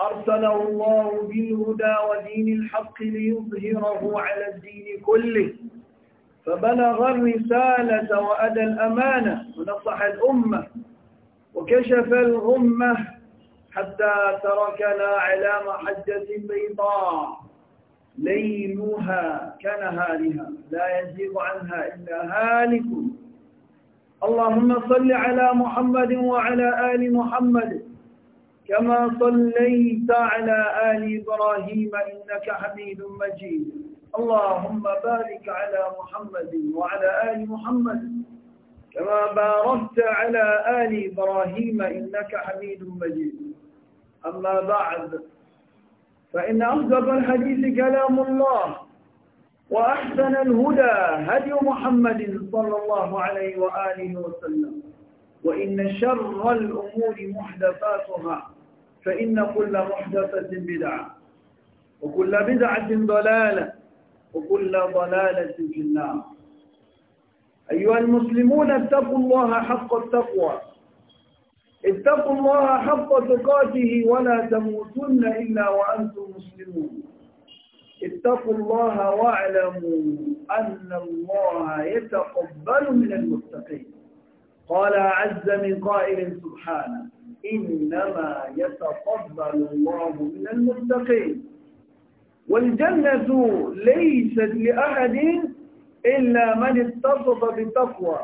أرسله الله بالهدى ودين الحق ليظهره على الدين كله فبلغ الرسالة وأدى الأمانة ونصح الأمة وكشف الغمة حتى تركنا على محجة بيضاء ليلها كنهارها لا يزيغ عنها إلا هالك اللهم صل على محمد وعلى آل محمد كما صليت على آل إبراهيم إنك حميد مجيد اللهم بارك على محمد وعلى آل محمد كما باركت على آل إبراهيم إنك حميد مجيد أما بعد فإن أصدق الحديث كلام الله وأحسن الهدى هدي محمد صلى الله عليه وآله وسلم وإن شر الأمور محدثاتها فإن كل محدثة بدعة وكل بدعة ضلالة وكل ضلالة في النار أيها المسلمون اتقوا الله حق التقوى اتقوا الله حق تقاته ولا تموتن إلا وأنتم مسلمون اتقوا الله واعلموا أن الله يتقبل من المتقين قال عز من قائل سبحانه إنما يتقبل الله من المتقين والجنة ليست لأحد إلا من اتصف بالتقوى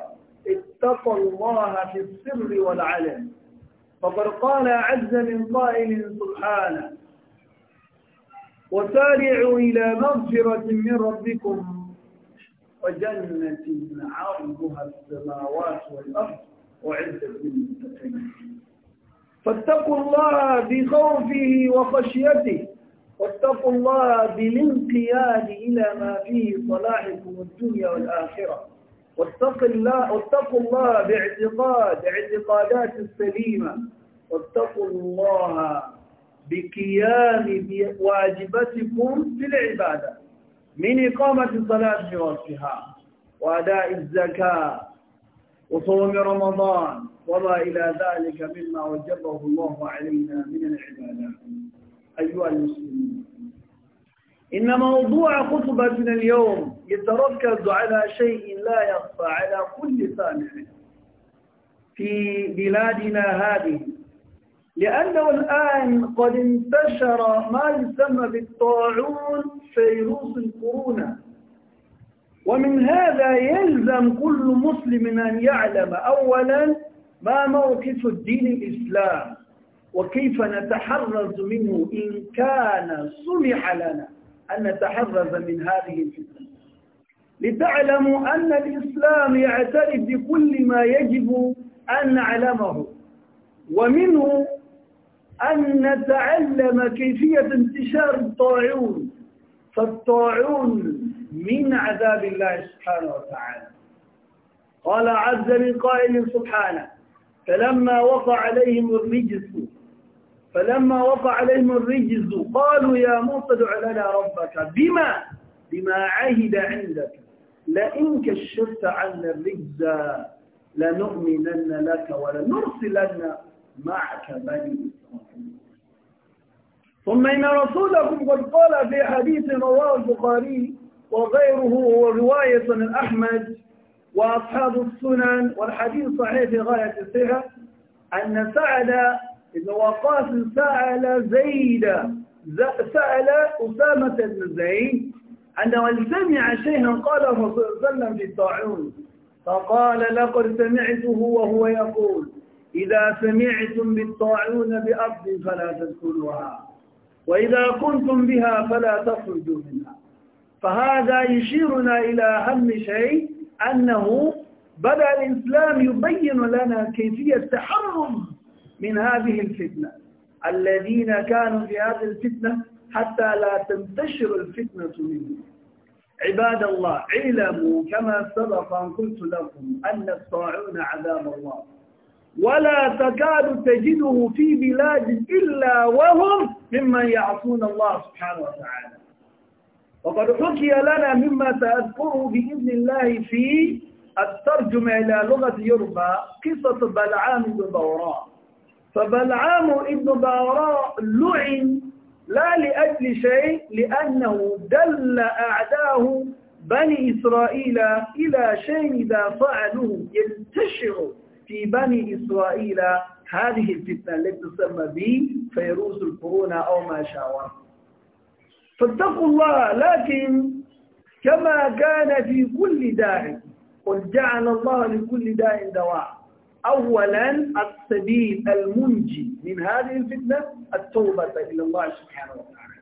اتقى الله في السر والعلن فقد قال عز من قائل سبحانه وسارعوا إلى مغفرة من ربكم وجنة عرضها السماوات والأرض وعدة للمتقين فاتقوا الله بخوفه وخشيته واتقوا الله بالانقياد إلى ما فيه صلاحكم الدنيا والآخرة واتقوا الله, واتقوا الله باعتقاد اعتقادات السليمة واتقوا الله بقيام واجبتكم في العبادة من إقامة الصلاة بوقتها وأداء الزكاة وصوم رمضان وما إلى ذلك مما وجبه الله علينا من العبادات أيها المسلمون إن موضوع خطبتنا اليوم يتركز على شيء لا يخفى على كل سامع في بلادنا هذه لأنه الآن قد انتشر ما يسمى بالطاعون فيروس الكورونا ومن هذا يلزم كل مسلم أن يعلم أولا ما موقف الدين الإسلام وكيف نتحرز منه إن كان سمح لنا أن نتحرز من هذه الفتنة لتعلموا أن الإسلام يعترف بكل ما يجب أن نعلمه ومنه أن نتعلم كيفية انتشار الطاعون فالطاعون من عذاب الله سبحانه وتعالى قال عز من قائل سبحانه فلما وقع عليهم الرجز فلما وقع عليهم الرجز قالوا يا موسى ادع لنا ربك بما بما عهد عندك لئن كشفت عنا الرجز لنؤمنن لك ولنرسلن معك بني إسرائيل ثم إن رسولكم قد قال في حديث رواه البخاري وغيره ورواية احمد وأصحاب السنن والحديث صحيح في غاية الصحة أن سعد بن وقاص سأل زيد سأل أسامة بن زيد عندما سمع شيئا قال الرسول صلى الله عليه وسلم في الطاعون فقال لقد سمعته وهو يقول إذا سمعتم بالطاعون بأرض فلا تدخلوها وإذا كنتم بها فلا تخرجوا منها فهذا يشيرنا إلى أهم شيء أنه بدأ الإسلام يبين لنا كيفية تحرم من هذه الفتنة الذين كانوا في هذه الفتنة حتى لا تنتشر الفتنة منهم عباد الله علموا كما سبق أن قلت لكم أن الطاعون عذاب الله ولا تكاد تجده في بلاد إلا وهم ممن يعصون الله سبحانه وتعالى وقد حكي لنا مما سأذكره بإذن الله في الترجمة إلى لغة يربى قصة بلعام بن بوراء فبلعام ابن بوراء لعن لا لأجل شيء لأنه دل أعداه بني إسرائيل إلى شيء إذا فعلوه ينتشر في بني إسرائيل هذه الفتنة التي تسمى بفيروس الكورونا أو ما شاورت فاتقوا الله لكن كما كان في كل داع قل جعل الله لكل داء دواء أولا السبيل المنجي من هذه الفتنة التوبة إلى الله سبحانه وتعالى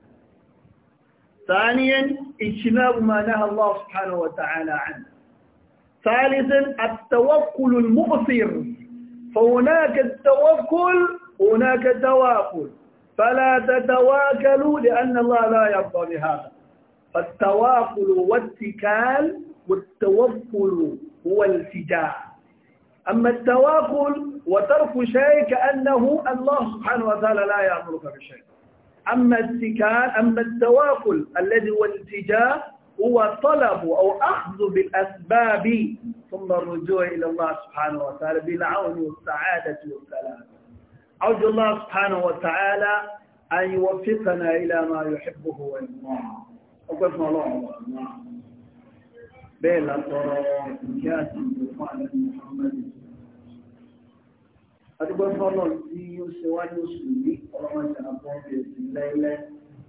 ثانيا اجتناب ما نهى الله سبحانه وتعالى عنه ثالثا التوكل المبصر فهناك التوكل هناك التواكل فلا تتواكلوا لأن الله لا يرضى بهذا فالتواكل والتكال والتوكل هو التجاه أما التواكل وترك شيء كأنه الله سبحانه وتعالى لا يأمرك بشيء أما التكال أما التواكل الذي هو الالتجاء هو طلب أو أخذ بالأسباب ثم الرجوع إلى الله سبحانه وتعالى بالعون والسعادة والسلام أرجو الله سبحانه وتعالى أن يوفقنا إلى ما يحبه ويرضاه أقسم الله بلا طرق كاتب محمد أتقول فالله في يوسوى يوسوى ọlọ́mọ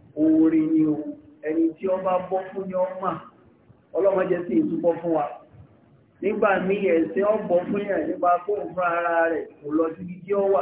ìṣẹ̀lẹ̀ ẹni tí bá bọ́ fún sí fún wa nígbà ẹ̀sẹ̀ fún yẹn nípa fún ara rẹ̀ kò lọ sí wà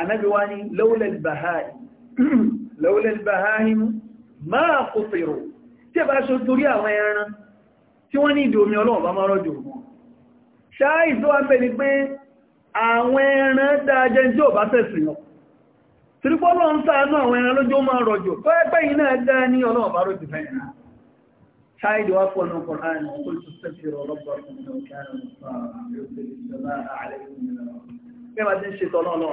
anábi wá ní lawlal bahā'im mā qutirū tí ẹ bá ṣe torí àwọn ẹran tí wọ́n ní ìdòmí ọlọ́run bá mọ́rọ̀ jù wọn ṣáàì tó wá ń bẹ ni pé àwọn ẹran dáajẹ́ tí ò bá tẹ̀sìn lọ tìrìpọ́lọ́ ń sáánú àwọn ẹran lójó máa rọ̀jò tó ẹgbẹ́ iná dá ní ọlọ́run bá rọ̀jù fẹ́ ẹ̀ràn شاهد وافقنا القرآن وقلت استغفروا ربكم انه كان غفارا يرسل السماء عليكم من الارض كما تنشي طلال الله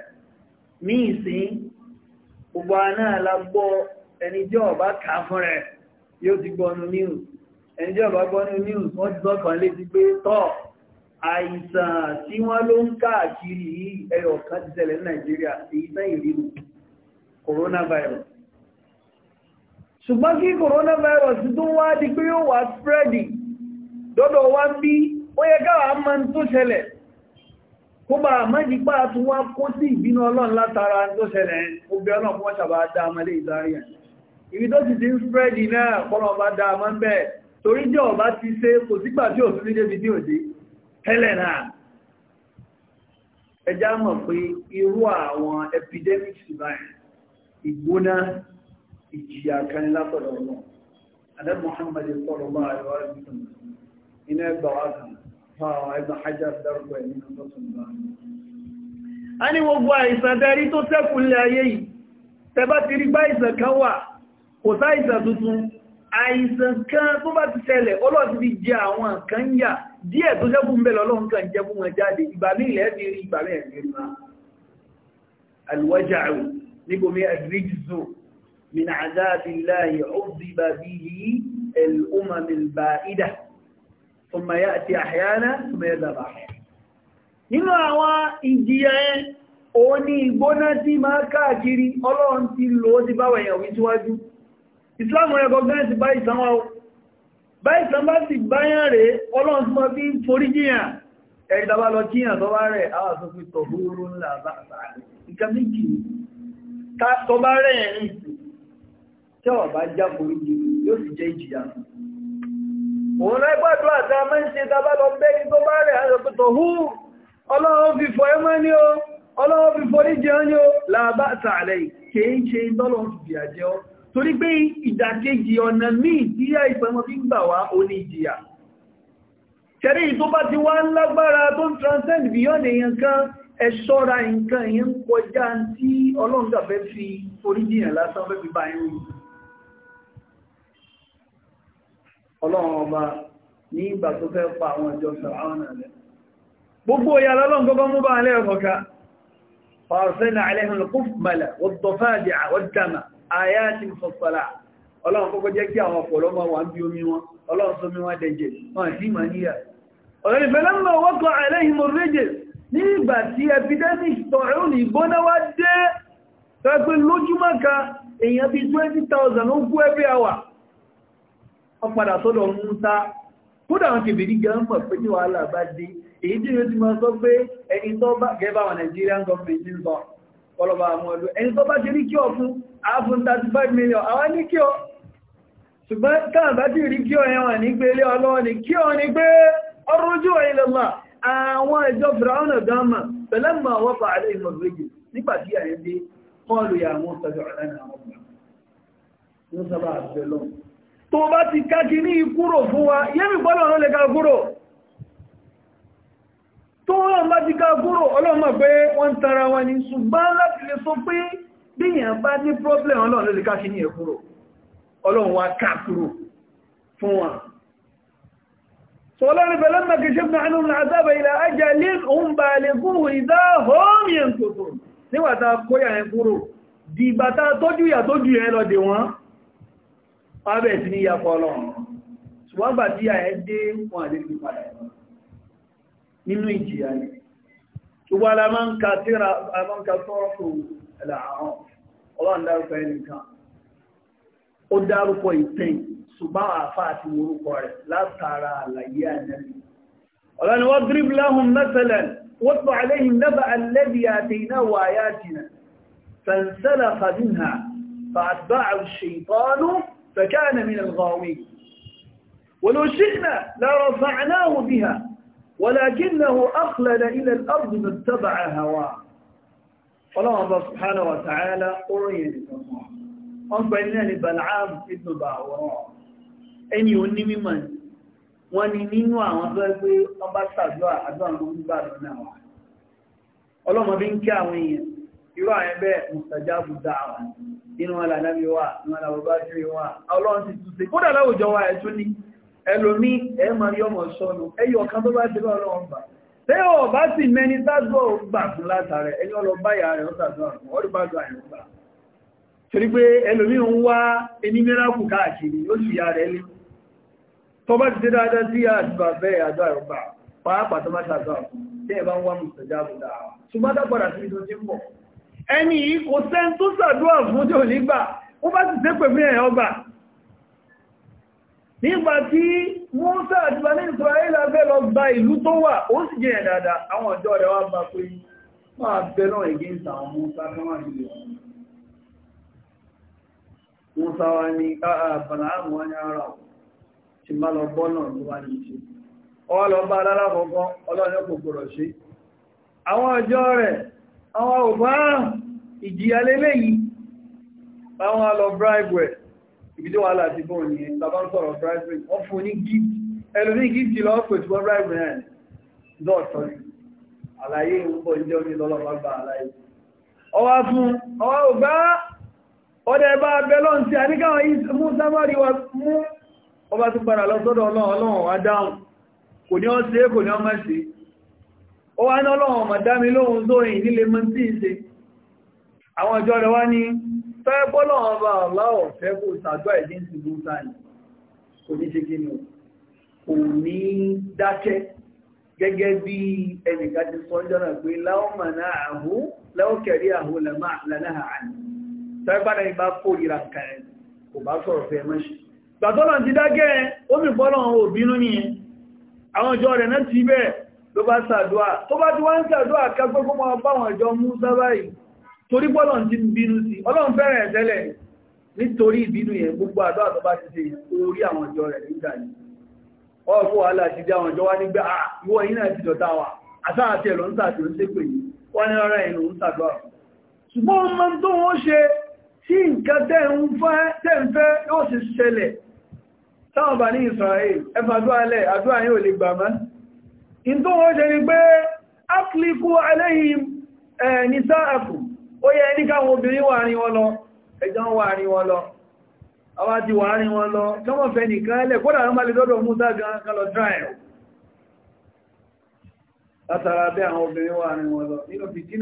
ní ìsìn gbogbo aná la gbọ́ ẹni jẹ́ ọ̀bá kà fún rẹ̀ yóò ti gbọ́ nu news ẹni jẹ́ ọ̀bá gbọ́ nu news wọ́n ti sọ́kàn létí pé tọ́ àìsàn tí wọ́n ló ń káàkiri yìí ẹyọ kan ti ṣẹlẹ̀ ní Nàìjíríà èyí tán ìrìnù coronavirus ṣùgbọ́n kí coronavirus tó wá di pé yóò wá spreading dọ́dọ̀ wá bí ó yẹ káwàá ń tó ṣẹlẹ̀ kó bá mẹ́jì pá tún wá kó sí ìbínú ọlọ́run látara tó ṣẹlẹ̀ obì ọlọ́run fún ṣàbá dáamalé ìdáríà ibi tó ti ti ń spreadi náà pọ́lọ̀ bá dáamọ́ ń bẹ́ẹ̀ torí jẹ́ ọba ti ṣe kò sígbà tí òfin ní débi ní òde ẹjá mọ̀ pé irú àwọn epidemics báyìí ìgbóná ìjìyà kan látọ̀dọ̀ ọlọ́run adẹ́ Muhammad sọ̀rọ̀ bá àríwá ìbí àfáà ibn Hajar dárúkọ ẹ̀ nínú tọ́tún bá a ní gbogbo àìsàn tẹ́rí tó ṣẹ́kù ilẹ̀ ayé yìí tẹbá ti rí bá ìsàn kan wà kò sáìsàn tuntun àìsàn kan tó bá ti ṣẹlẹ̀ ọlọ́ọ̀tí fi jẹ àwọn kan yà díẹ̀ tó ṣẹ́kù ń bẹ̀lẹ̀ ọlọ́run kan jẹ́ fún wọn ìgbà mí ثم يأتي أحيانا ثم يذهب nínú àwọn ìjìyà ẹ o igbona ti ma máa káàkiri ọlọ́run ti lo ti bá wẹ̀yàn wí síwájú ìsìláàmù recognize bá ìsànwà o bá ìsàn bá báyàn ọlọ́run ti ma fi ń forí jíyàn ẹ̀rìdàbà lọ kíyàn tó bá àwọn ńlá bá òun ẹgbàdọ́ àti a máa ń ṣe dábálọ bẹ́ni tó bá rẹ̀ àjọpẹ̀tọ̀ hú ọlọ́run fi fọ ẹmọ́ ní o ọlọ́run fi fọ ní jẹun ní o làbá tààrẹ kìí ṣe ìdọ́lọ́run fi fìyà jẹ ọ́ torí pé ìdàkejì ọ̀nà míì tí yá ìpẹmọ́ fi gbà wá ó ní ìjìyà ṣẹ̀rí tó bá ti wá lágbára tó ń transcend beyond èèyàn kan ẹ ṣọ́ra nǹkan èèyàn kọjá tí ọlọ́run gbà fẹ́ fi orí jìyàn lásán fẹ́ fi bá ẹ̀rù ọlọ́run ọba ní ìgbà tó fẹ́ pa àwọn ìjọ sàránà rẹ̀ gbogbo ìyà lọ́lọ́run gọ́gọ́ mú bá alẹ́ ọ̀kọ̀ká fàáṣẹ́nà alẹ́hùnkúfmàlà wọ́dọ̀fáàdì àwọ́dàmà ayáti fọ́sọ́lá ọlọ́run kọ́kọ́ jẹ́ kí àwọn ọ̀pọ̀lọ́ máa wà ń bí omi wọn ọlọ́run sómi wọn dẹ̀jẹ̀ wọn sí ma níyà ọ̀rẹ́ ìfẹ́lẹ́mọ̀ wọ́kọ̀ àìlẹ́yìn mọ̀rẹ́jẹ̀ ní ìgbà tẹ́gbẹ́ lójúmọ́ kan èèyàn bí 20,000 ó kú every hour wọ́n padà sọ́dọ̀ Musa kódà wọn kèbè ní gan mọ̀ pé ní wàhálà bá dé èyí tí yóò ti máa sọ pé ẹni tó bá gẹ́bà wọn Nigerian government ń sọ ọlọ́bà àwọn ọdún ẹni tó bá ti rí kí ọ fún àáfún 35 million àwọn ní kí ọ ṣùgbọ́n káà bá ti rí kí ọ ẹwọ̀n ní pé ilé ọlọ́wọ́ ni kí ọ ní pé ọrún ojú ìlọ́lá àwọn ìjọ fìràúnà gánmà pẹ̀lẹ́mà wọ́pàá àlẹ́ ìmọ̀lẹ́gbẹ̀ nígbàtí àyẹ́ dé kọlù yà àwọn sọ̀rọ̀ ọ̀rẹ́ tó bá ti káàkì ní ìkúrò fún wa yẹ́mì pọ́lọ̀ ló lè ká kúrò tó wọ́n bá ti ká kúrò ọlọ́mọ pé wọ́n tara wọn ni ṣùgbọ́n láti lè sọ pé bíyàn bá ní problem ọlọ́run ló lè káàkì ní ìkúrò ọlọ́run wa ká kúrò fún wa sọ́lọ́rin bẹ̀lẹ́ mẹ́kẹ̀ṣẹ́ fún àwọn àzábà ilẹ̀ ajá lè ń bá lè kúrò ìdá hóòmìyàn tòtò níwàtà kóyà wọ́n bẹ̀rẹ̀ sí ní yapọ̀ ọlọ́run ṣùgbọ́n gbà tí àyẹ́ dé wọn àdé fi padà nínú ìjìyà ni ṣùgbọ́n la máa ń ka tíra a máa ń ka sọ́ọ̀fù ẹ̀làárán ọlọ́run dárúkọ ẹnìkan ó dárúkọ ìtẹ́yìn ṣùgbọ́n àfá àti orúkọ rẹ̀ látara àlàyé ànẹ́bí ọlọ́run wọ́n dírí láhùn mẹ́sẹ̀lẹ̀ wọ́n tọ́ فكان من الغاوين ولو شئنا لرفعناه بها ولكنه اخلد إلى الأرض من تبع هواه الله سبحانه وتعالى أريد ان أنبعنا لبلعاب ابن باورا أن يوني ممن وننينوا وضعوا أباسا جواء أدوان مبارنا واحد الله ما بينك يا وين يرى يبقى مستجاب الدعوان inú wọn lànàbí wà inú wọn làwọ̀bá jírí wà ọlọ́run ti túnṣe kódà láwùjọ wa ẹ̀ tún ní ẹlòmí ẹ̀mà yọmọ̀ sọ́nù ẹyọ ọ̀kan tó bá ti bá ọlọ́run bà tẹ́ ọ bá sì mẹ́ni tágbọ́ gbà fún látàrẹ ẹni ọlọ báyà rẹ̀ ó tàbí ọ̀rùn ọdún bá gbà ẹ̀rùn gbà torí pé ẹlòmí ń wá ẹni mẹ́ráàkù káàkiri ó sì yà rẹ̀ lé tó bá ti dé dáadáa sí àdúrà bẹ́ẹ̀ àdúrà rẹ̀ bà pàápàá tó bá ṣàdúrà fún tẹ́ ẹ bá ń wá ẹni yìí kò sẹ́n tó sàdúwà fún tí ò nígbà ó bá ti sépè mí ẹ̀yàn ọgbà nígbà tí Mùsá àti bani Israel fẹ́ lọ gba ìlú tó wà ó sì jẹ́ ẹ̀dàdà àwọn ọ̀dọ́ rẹ̀ wá bá pé máa bẹ̀rọ against àwọn Mùsá káwọn ìlú Mùsá wa ni ah, ah, àbàlá àwọn ọjọ́ rẹ̀ àwọn ọ̀bá ìjìyà lélẹ̀ yìí àwọn alọ bribery ibi tí wà láti bọ́ ní tàbá ń sọ̀rọ̀ bribery wọ́n fún ní gift ẹlòmí gift lọ pẹ̀ tí wọ́n bribery náà dọ́ọ̀tọ́ àlàyé ìwúbọ̀ ìjọ ní lọ́lọ́pàá gba àlàyé ọwá fún ọwá ọ̀gbá ọdẹ bá abẹ́lọ́n tí a ní káwọn mú sámárì wa mú ọba tó padà lọ sọ́dọ̀ ọlọ́run wá dáhùn kò ní ọ́ sí kò ní ọmọ sí ó wá náà lọ́wọ́ mọ̀dámi lóhun sóyìn nílé mọ́ tí ìṣe àwọn ìjọ rẹ̀ wá ní fẹ́ bọ́lọ́wọ́n bá aláwọ̀ fẹ́ kò sàdọ́ ìdí ń sìnkú sáàlì kò ní ṣe kíni kò ní dákẹ́ gẹ́gẹ́ bí ẹnìkan ti sọ jọ́nà pé láwọ́mọ̀ná àhú lẹ́ọ̀kẹ̀rí àhú ló bá sàdúà tó bá tí wá ń sàdúà kẹgbẹ́ kó máa bá wọn jọ mú sábáyì torí bọ́lọ̀ ti ń bínú sí ọlọ́run fẹ́rẹ̀ ẹ̀tẹ́lẹ̀ nítorí ìbínú yẹn gbogbo àdúà tó bá ti ṣe orí àwọn ìjọ rẹ̀ nígbà yìí ọ̀pọ̀ wàhálà ti dá àwọn ìjọ wá nígbà ah, ìwọ yìí náà ti dọ̀tá wa àtààtì ẹ̀lọ́ ń sàtì ń sépè yìí wọ́n ní ọ̀rọ̀ ẹ̀nu ń sàdúà ṣùgbọ́n ó máa ń tó wọ́n ṣe tí nǹkan tẹ́ ń fẹ́ yóò sì ṣẹlẹ̀ táwọn bá ní Israel ẹfà àdúrà lẹ̀ àdúrà yóò lè gbà mọ́ in tó wọ́n ni pé akliku aléhìm ní sáàkù ó yẹ ní káwọn obìnrin wà ní wọn lọ ẹjọ́ wà ní wọn lọ àwọn ti wà ní wọn lọ kọ́mọ̀ fẹ́ nìkan ẹlẹ̀ kódà wọ́n lè dọ́dọ̀ mú látara obìnrin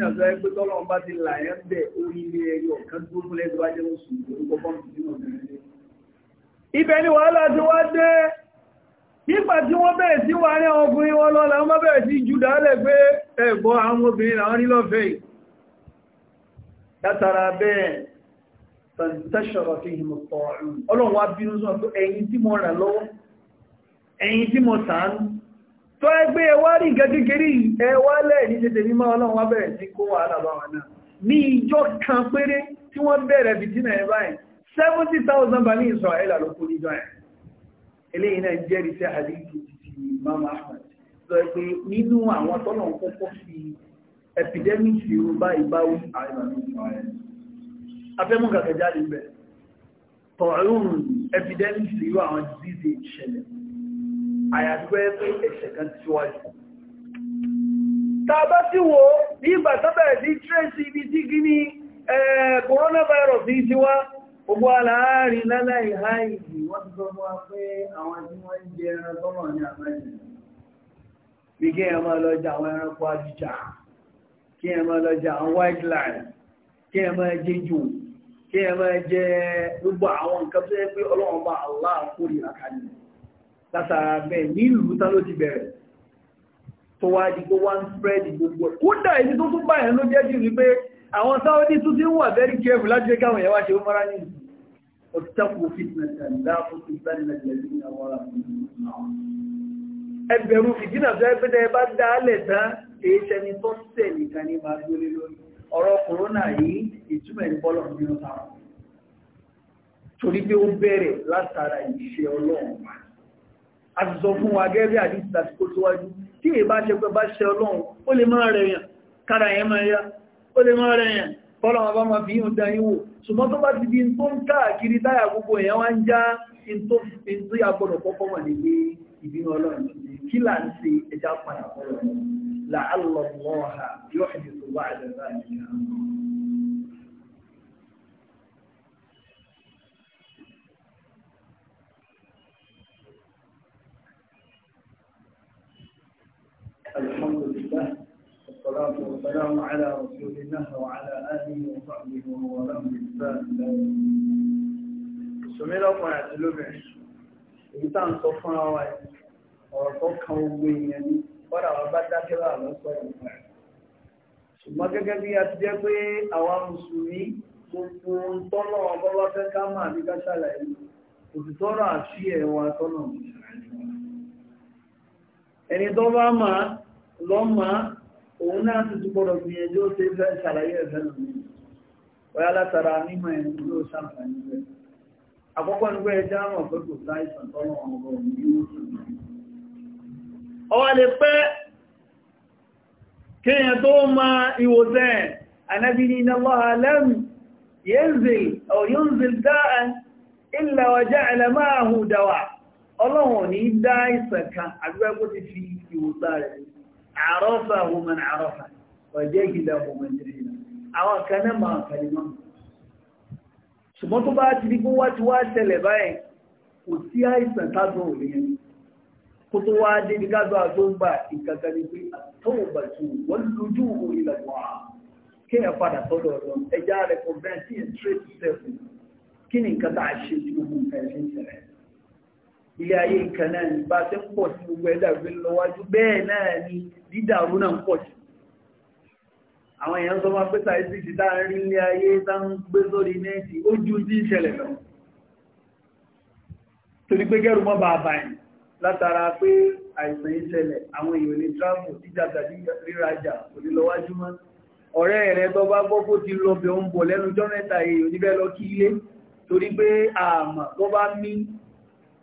nígbà tí wọ́n bẹ̀rẹ̀ sí wà ní àwọn obìnrin wọn lọ́la wọ́n bẹ̀rẹ̀ sí jùdá lẹ̀ pé ẹ̀bọ́ àwọn obìnrin àwọn nílọ́fẹ́ látara bẹ́ẹ̀ tàṣọ̀rọ̀ fi hìmọ̀ pọ̀ọ̀rùn ọlọ́run wá bínú sọ pé ẹ̀yin tí mo rà lọ́wọ́ ẹ̀yin tí mo sàánú tó ẹgbẹ́ ẹwà rí nǹkan kékeré ẹwà lẹ̀ ní tètè mímọ́ ìjọ ẹ̀ eléyìí náà jẹ́rìí sí àdínkù ti Imam Ahmad sọ pé nínú àwọn tọ́nà kọ́kọ́ fi epidemic yorùbá ìbáwí afẹ́mú kàkà jáde bẹ̀ tọ̀rún epidemic yorùbá àwọn disease ìṣẹ̀lẹ̀ àyàgbẹ́ pé ẹ̀ṣẹ̀ kan ti wájú tàbá sí wo ní ìgbà tọ́bẹ̀ẹ̀ sí tracy ibi tí gíní eh, coronavirus ní ti wá Gbogbo aláàrin lálẹ́ ìhá ìdí wọ́n ti sọ fún wa pé àwọn tí wọ́n ń jẹ ẹran tọ́nà ní àmájì. Bí kí ẹ máa lọ jẹ àwọn ẹranko ajìjà, kí ẹ máa lọ jẹ àwọn wildlife, kí ẹ máa jẹ jù, kí ẹ máa jẹ gbogbo àwọn nǹkan tó yẹ pé ọlọ́run bá Allah kórìíra kalẹ̀. Látara bẹ́ẹ̀ nílùú tá ló ti bẹ̀rẹ̀. Tó wá di pé wá ń spread gbogbo ẹ̀. Kódà ibi tó tún báyẹn ló jẹ́ jù ní pé àwọn Sáwọ́dí tún ti ń wà very careful láti jẹ́ káwọn èèyàn wá ṣe ó mọ́ra nínú. واتقوا فتنة لا تصيبن الذين ظلموا ẹgbẹ̀rún fìdínà tó ẹgbẹ́ tẹ́ bá dá lẹ̀ tán èyí ṣẹni tó ń tẹ̀ nìkan ní máa gbólé lórí ọ̀rọ̀ kòrónà yìí ìtumọ̀ ìbọ́lọ̀ nínú táwọn torí pé ó bẹ̀rẹ̀ látara ìṣe ọlọ́run a ti sọ fún wa gẹ́gẹ́ bí àti kó síwájú tí èyí bá ṣe pé bá ṣe ọlọ́run ó lè máa rẹ̀yàn kára yẹn máa yá ó lè máa rẹ̀yàn kọ́lọ̀ ọba ma fi yíò dáyín wò ṣùgbọ́n tó bá ti di tó ń káàkiri táyà gbogbo èèyàn wá ń já in tó yà gbọ́dọ̀ kọ́kọ́ wà ní pé ìbínú Alhamdulillah والصلاة والسلام على رسول الله وعلى آله وصحبه ومن بالإحسان إلى يوم ìṣòmí lọ́pọ̀ àti lóbìnrin èyí tá ń sọ fún àwa ẹ̀ ọ̀rọ̀ tó kan gbogbo èèyàn ní kọ́dà wọn bá dákẹ́ wà lọ́sọ̀ ìgbà ṣùgbọ́n gẹ́gẹ́ bí a ti jẹ́ pé àwa mùsùlùmí gbogbo ń tọ́nà ọgọ́wọ́ fẹ́ ká mà ní ká ṣàlàyé òtítọ́rọ̀ àti ẹ̀wà tọ́nà ẹni tó bá mà lọ́màá òun náà ti túbọ̀ lọ gbìyànjú ó ṣe fẹ́ ṣàlàyé ẹ̀fẹ́ lọ ní ọ̀yá látara mímọ̀ ẹ̀rùn ló ṣàǹfààní rẹ̀ àkọ́kọ́ nígbẹ́ ẹjá mọ̀ pé kò sá ìsàn tọ́lọ̀ ọ̀rọ̀ ní yóò sùn ọwọ́ lè pẹ́ kéèyàn tó ma ìwòsẹ̀ anábì ní iná lọ́ha lẹ́mù yẹ́nzìl ọ̀ عرفه من عرفه وجهله من جهله àwọn kan náà máa kàlìmọ́ ṣùgbọ́n tó bá ti rí kó wá ti wá ṣẹlẹ̀ báyìí kò sí àìsàn tágbọ́ òní yẹn kó tó wá dé ní kágbọ́ àtó ń gbà ìkankan ní pé àtọ́wò bàtú wọ́n lójú òun ilẹ̀ wà kí ẹ padà sọ́dọ̀ ọ̀dọ̀ ẹja rẹ̀ ilé ayé ìkan náà ní bá tẹ́ ń pọ̀ sí gbogbo ẹ̀dà gbé lọ́wájú bẹ́ẹ̀ náà ni dídàrú náà ń pọ̀ sí àwọn èèyàn sọ máa pé sáìsìsì tá ń rí ilé ayé tá ń gbé sórí nẹ́ẹ̀tì ó ju tí ń ṣẹlẹ̀ lọ torí pé kẹ́rù mọ́ bá báyìí látara pé àìsàn ìṣẹlẹ̀ àwọn èèyàn lè travel jíjà tàbí rírajà kò ní lọ́wájú mọ́ ọ̀rẹ́ rẹ̀ tó bá gbọ́ kó ti lọ bẹ̀ ń bọ̀ lẹ́nu jọ́mẹ́ta èèyàn níbẹ̀ lọ kí ilé torí pé àmà tó bá mí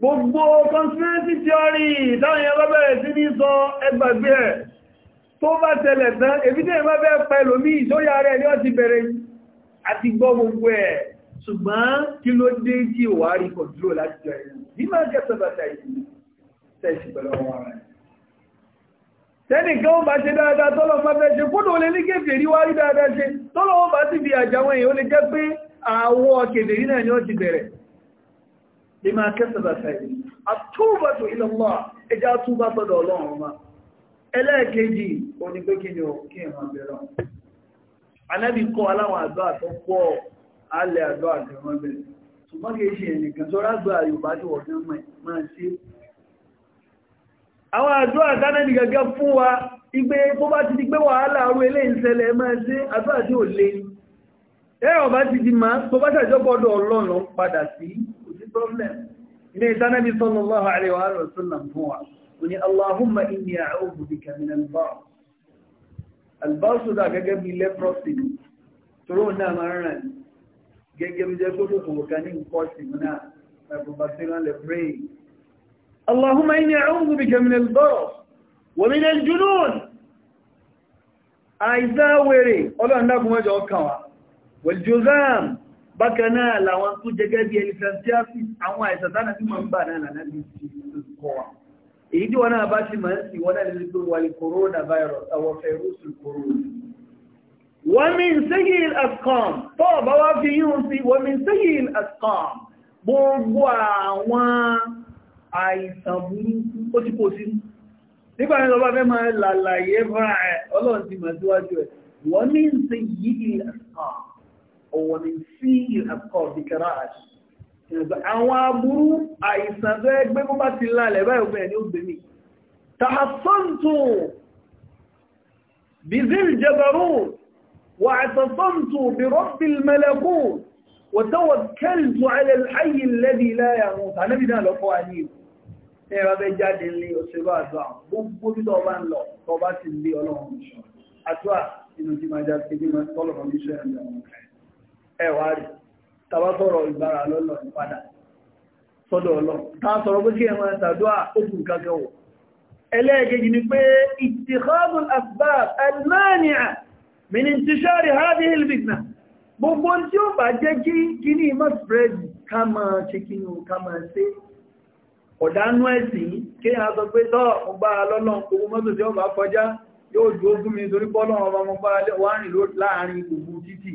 gbogbo conspiracy theory táwọn èèyàn lọ́bẹ̀rẹ̀ sí ní sọ ẹgbàgbé ẹ̀ tó bá tẹ̀lẹ̀ tán èbí tẹ́ ìmọ́ bẹ́ pẹ̀lú mí ìṣóyà rẹ̀ ní ọ̀tí bẹ̀rẹ̀ àti gbọ́ gbogbo ẹ̀ ṣùgbọ́n kí ló dé kí wà rí kọ̀dúrò láti jọ ẹ̀yìn ní máa jẹ́ sọ́bàtà ìlú tẹ́sì pẹ̀lú ọmọ rẹ̀ tẹ́nìkan ó bá ṣe dáadáa tọ́lọ́ máa fẹ́ ṣe kódò lè ní kéfèé rí wá rí dáadáa ṣe tọ́lọ́ ó bá sì fi àjáwọn èèyàn ó lè jẹ́ pé àwọ̀ kèfèé náà ni ó ti bẹ̀rẹ̀ bima kasabat aydi at-tawbatu ila Allah ẹjá túbá sọ́dọ̀ ọlọ́run ọmọ ẹlẹ́ẹ̀kejì òní pé kí ni ó kí ẹ̀mọ̀ bẹ̀rẹ̀ anábì kọ́ aláwọn àdó àtọ́pọ̀ alẹ́ àdó àtẹ̀wọ́n bẹ̀rẹ̀ ṣùgbọ́n kìí ṣe ẹnìkan tó rágbà yorùbá tí wọ́n fẹ́ máa ṣe àwọn àdó àtánẹ́bì gẹ́gẹ́ fún wa igbe tó bá ti di pé problem ní ìtànàbí sallallahu alaihi wa sallam fún wa ní Allahumma inni a'udhu bika min al-ba's al-ba's sódà gẹ́gẹ́ bí leprosy tóró náà máa ń rìn gẹ́gẹ́ bí jẹ́ sódò kò kà ní nǹkan sí náà ẹ̀bùn bá sí náà lè pray Allahumma inni a'udhu bika min al-ba's wa min al-junun àìsá wèrè ọlọ́run dákùnmọ́jọ ọkàn wa wal-juzam bákan náà làwọn tó jẹgẹ́ bí ẹlifẹ̀ntíásì àwọn àìsàn tánà tí ma ń bà náà lànà bí ti kọ́ wa èyí tí wọ́n náà bá ti máa ń sì wọ́n náà lè tó wà ní coronavirus àwọn fẹ̀rúsù corona wọ́n mi ń sẹ́yìn ascom tó ọ̀bá wá fi yíhun sí wọ́n mi ń sẹ́yìn ascom gbogbo àwọn àìsàn burúkú ó ti kò sí nígbà tí ọba fẹ́ máa lálàyé fúnra ọlọ́run ti mọ̀ síwájú ẹ̀ wọ́n mi ń sẹ́yìn ascom ومن فيه الأبقار بكراءة àwọn aburú àìsàn tó ẹgbẹ́ kó bá ti lálẹ̀ báyìí ọgbẹ́ ẹni ó gbé mi tààsọ́ntù bizil jabarun wà àtàsọ́ntù bí rọ́pìl mẹ́lẹ́kù wọ́tọ́wọ́ kẹ́lù alẹ́láyì lẹ́dí láyà mú tàbí náà lọ́kọ́ wà ní ẹ̀rọ bẹ́ jáde lé òṣèlú àdúrà gbogbo bí tọ́ bá ẹwà rí tàbá sọ̀rọ̀ ìgbára lọ́lọ́ ìpadà sọ́dọ̀ ọlọ́ ta sọ̀rọ̀ pé kí ẹ máa tàdúà òkùn kankanwò ẹlẹ́ẹ̀kejì ni pé ìtìkọ́dùn asbab almani'a min intishari hadhihi alfitna gbogbo tí ó bá jẹ́ kí kí ní ìmọ̀ spread ká máa ṣe kí ní ká máa ṣe ọ̀dánú ẹ̀sìn kí a sọ pé tọ́ ọgbà lọ́lọ́n gbogbo mọ́tò tí ó bá kọjá yóò dúó fún mi torí bọ́lọ́n ọba mọ́ láàrin gbogbo títì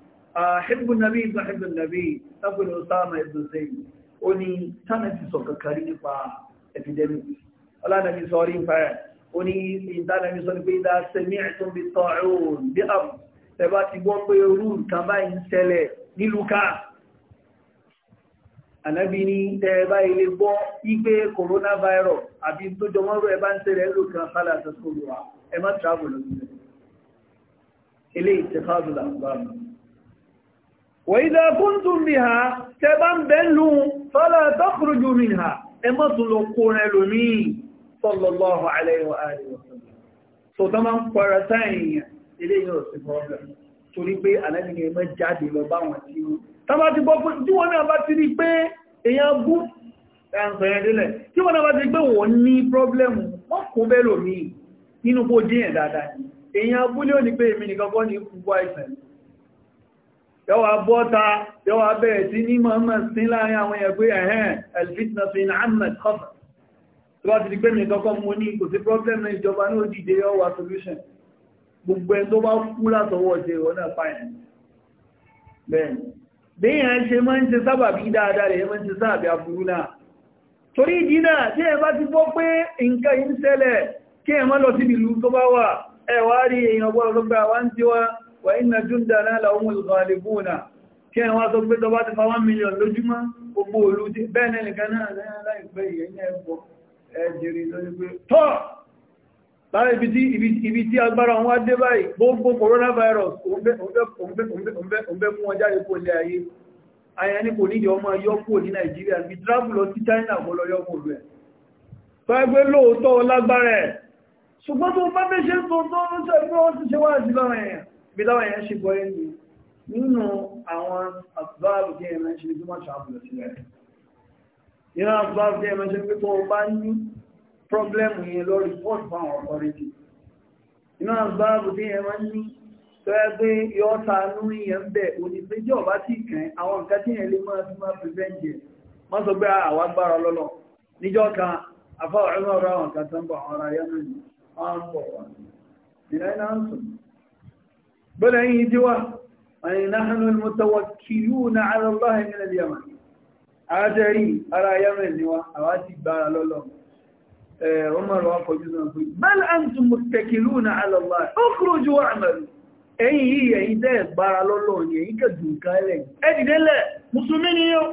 Hibbu Nabi ibn Hibbu Nabi, Tábìlì Osama ibn Zayn, ó ní Tánàtì sọ̀kà kàrí nípa epidemic. Ọlánàbí sọ rí fẹ́, ó ní ìdánàbí sọ ní pé ìdá sẹ́mí ẹ̀tún bí tọ́rún bí àrùn. Tẹ̀bá ti gbọ́ pé orú nǹkan báyìí ń ṣẹlẹ̀ nílùú káà. Ànábí ní tẹ̀bá ilé gbọ́ igbe وإذا كنتم بها تبان بلو فلا تخرجوا منها اما تلقون لمي صلى الله عليه وآله وسلم so تمام قرسين lọ bá wọn tí wọ́n tàbá ti gbọ́ fún tí wọ́n náà ti ti yọ́wà bọ́ta yọ́wà bẹ̀rẹ̀ sí ní Muhammad sí láàrin àwọn ẹgbẹ́ ẹ̀hẹ́n alfitna fi ní ahmed kọfà tó bá ti di pé mi kọ́kọ́ mú ní kò sí problem ní ìjọba ní òdìdé yọ́wà solution gbogbo ẹni tó bá kú látọwọ́ ṣe ìwọ náà fáìn bẹ́ẹ̀ bí yẹn ṣe máa ń ṣe sábàbí dáadáa rẹ̀ máa ń ṣe sábàbí aburú náà torí ìdí náà tí ẹ bá ti gbọ́ pé nǹkan yìí ń ṣẹlẹ̀ kí ẹ má lọ síbi ìlú tó bá wà ẹ wá rí èèyàn gbọ́dọ̀ tó wá ń tiwọn wà iná júndà náà láwọn ìgbàlẹ̀bùnà kí ẹ wá sọ pé tọba ti fa 1 million lójúmọ́ gbogbo olú ti bẹ́ẹ̀ nẹ́nìkan náà láìpẹ́ ìyẹn ẹgbọ́ ẹjìrì lórí pé tọ́ lára ibi tí agbára wọn wá dé báyìí gbogbo coronavirus òǹbẹ́ fún wọn jáde kó lé ayé ayé ní kò nídìí ọmọ yọ́pò ní Nàìjíríà bí travel lọ sí China kó lọ yọ́pò rẹ̀ tọ́ ẹgbẹ́ lóòótọ́ lágbára ẹ̀ ṣùgbọ́n tó bá fẹ́ ṣe tó tó ń sọ ẹgbẹ́ wọn ti ṣe wá sí lára èèyàn bí láwọn èèyàn ṣe gbọ́ ẹni nínú àwọn àbáàbù tí èèyàn ṣe tó máa ṣàbùlọ sílẹ̀ nínú àbáàbù tí èèyàn ṣe pé tó bá ní pọ́blẹ́mù yẹn lọ rìpọ́ọ̀tù fún àwọn ọ̀tọ́rìtì nínú àbáàbù tí èèyàn ní tó yẹ pé yọ sànú yẹn bẹ̀ onípéjọ́ bá ti kàn àwọn nǹkan tí èèyàn lè máa fi máa prevent yẹn sọ pé ah, àwa gbára lọ́lọ́ níjọ́ kan afọ́ ọ̀rẹ́ náà àwọn nǹkan tó ń bọ̀ àwọn ará yẹn náà ń bọ̀ wá ìrẹ́ náà ń sùn بل أي جواه أي نحن المتوكلون على الله من اليمن أجري أرى يمن وأواتي بار الله عمر وقال بل أنتم متكلون على الله اخرجوا واعملوا ẹ̀yìn yìí ẹ̀yìn tẹ́ ẹ̀gbára lọ́lọ́ ní ẹ̀yìn kẹ̀dùn kálẹ̀ ẹ̀dìdẹ́lẹ̀ mùsùlùmí ni yóò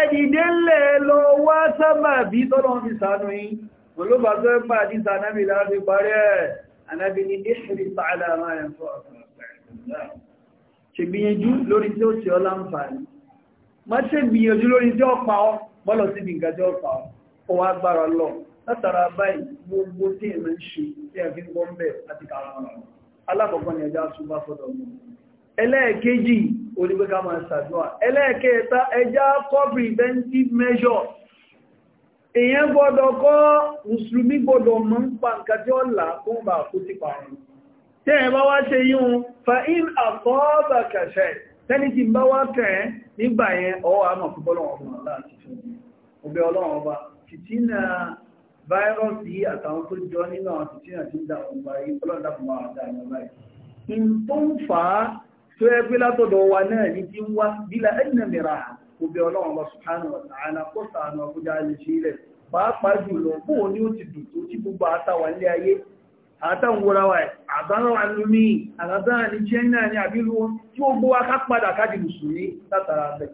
ẹ̀dìdẹ́lẹ̀ lọ wá sábà bí tọ́lọ́ fi sànú yìí olóbàtọ́ ẹ̀pàá àdísà anábìlá fi parí ẹ̀ anábìlí ìṣẹ́lẹ̀ ṣègbìyànjú lórí tí ó ṣe ọ láǹfààní má ṣe gbìyànjú lórí tí ó pa ọ bọ́lọ̀ síbi nǹkan tí ó pa ọ ó wá gbára lọ látara báyìí gbogbo tí èmi ń ṣe tí a fi ń gbọ́n bẹ̀ àti kàwọn alákọ̀ọ́kọ́ ni ẹja ṣubá fọ́dọ̀ mọ́ ẹlẹ́ẹ̀kejì onígbéká máa ṣàdúrà ẹlẹ́ẹ̀kẹta ẹja kọ́ preventive measures èèyàn gbọ́dọ̀ kọ́ mùsùlùmí gbọ́dọ̀ mọ́ ń pa nǹkan tí ó là kó ń bà kó ti pààrùn tẹ́ ẹ bá wá ṣe yíun fa in àkọ́ọ̀bà kẹsẹ̀ tẹ́ni ti bá wá kẹ́ ẹ́ nígbà yẹn ọwọ́ àmọ̀ fún bọ́lọ́wọ́ fún ọ̀la àti fún ọlọ́run ọba fìtínà fáírọ́ọ̀sì àtàwọn kó sàánú ọkọjà lè ṣe ilẹ̀ pàápàá jùlọ bóun ni ó ti dùn tó tí gbogbo àtàwọn ilé ayé àtàwòràwà àbáwà lómi àgbàbáà ní china ní àbílú wọn tí ó gbówá ká padà káàdì mùsùlùmí látara rẹ̀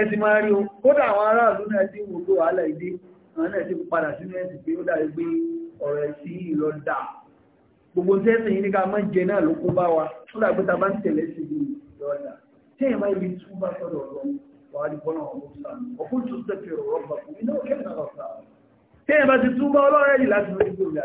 ẹ̀sìn máa rí o kódà àwọn aráàlú náà ti wò ló àálà ìdí àwọn náà ti padà sínú ẹ̀sìn pé ó dàrí pé ọ̀rọ̀ ẹ̀sí ìlọ dà gbogbo tẹ́sìn yìí wa ó dàgbé ta bá ń tẹ̀lé sí i lọ́dà tí èèyàn bá ibi tí wọ́n bá sọ́dọ̀ ọ̀rọ̀ wàá di bọ́nà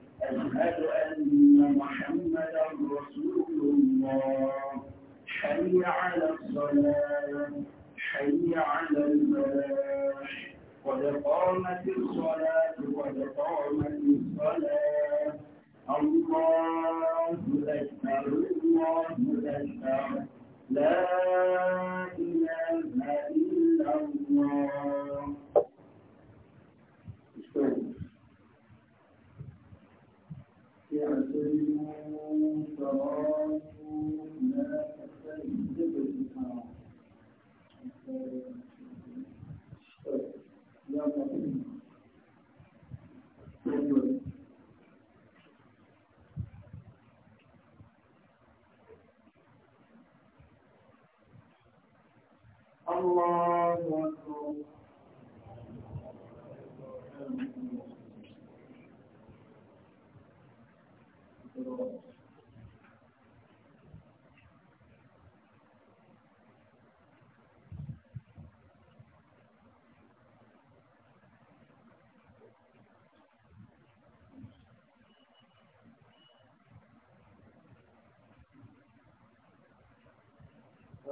all my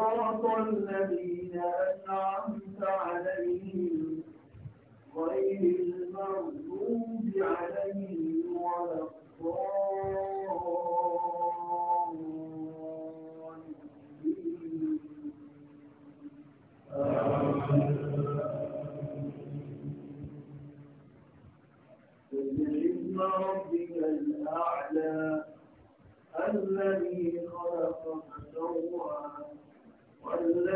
صراط الذين أنعمت عليهم غير المغضوب عليهم ولا الضالين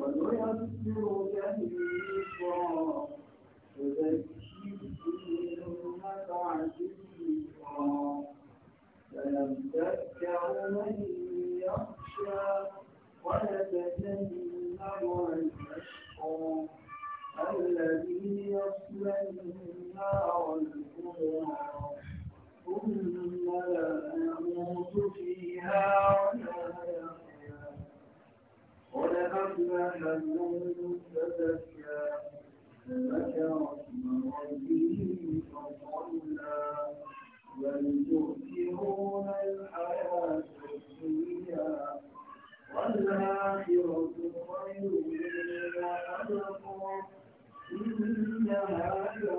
ونيسرك لليسرى فذكر إن نفعت الذكرى سيذكر من يخشى ويتجنبها الأشقى الذي يصلى النار الكبرى ثم لا يموت فيها ولا يحيى قد أفلح من تزكى ذكر اسم ربه بل تؤثرون الحياة الدنيا والآخرة خير وأبقى إن هذا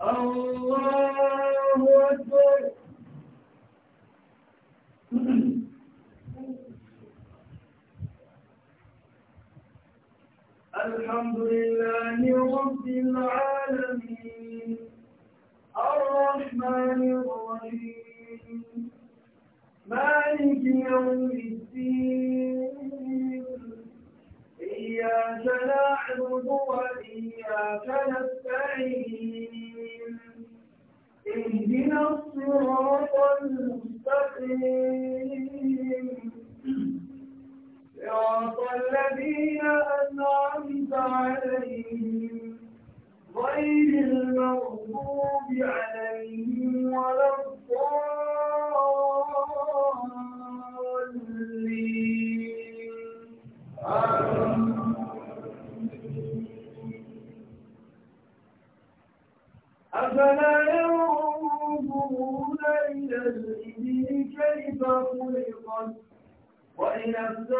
الله أكبر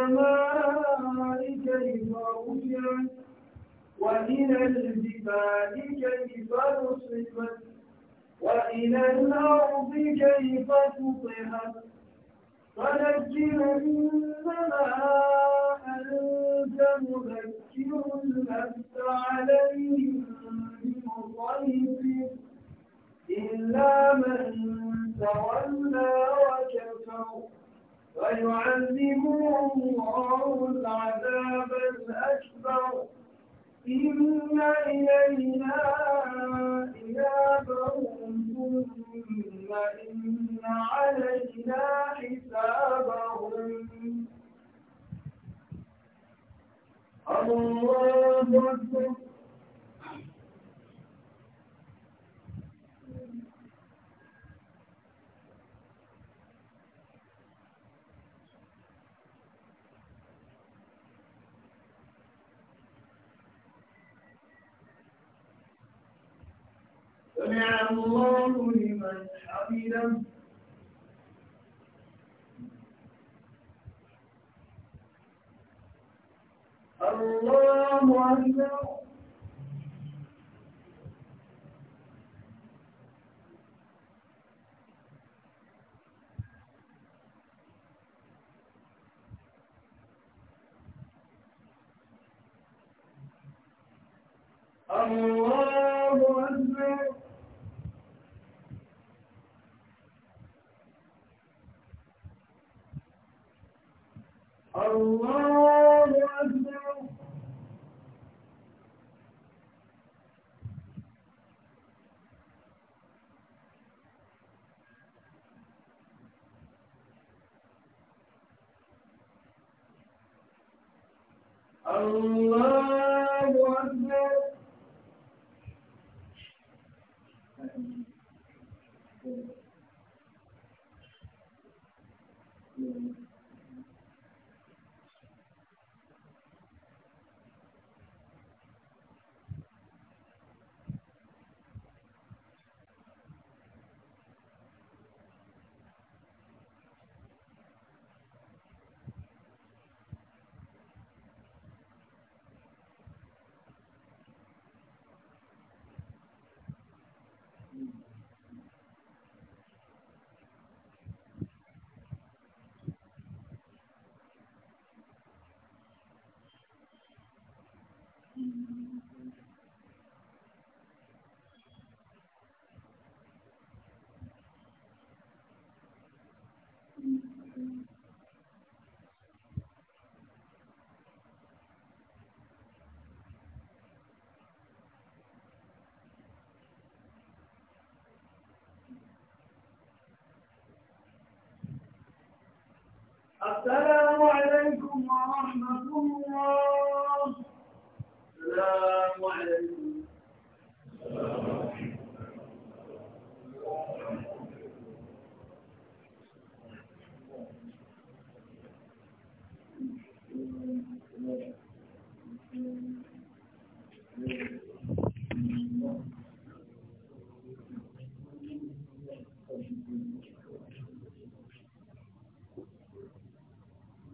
السماء كيف رفعت وإلى الجبال كيف نصفت وإلى الأرض كيف سطحت فذكر إنما أنت مذكر لست عليهم بمسيطر إلا من تولى وكفر ويعلمهم الله العذاب الأكبر إن إلينا إيابهم ثم إن علينا حسابهم الله أكبر سمع الله لمن حمده الله أكبر السلام عليكم ورحمة الله Allah.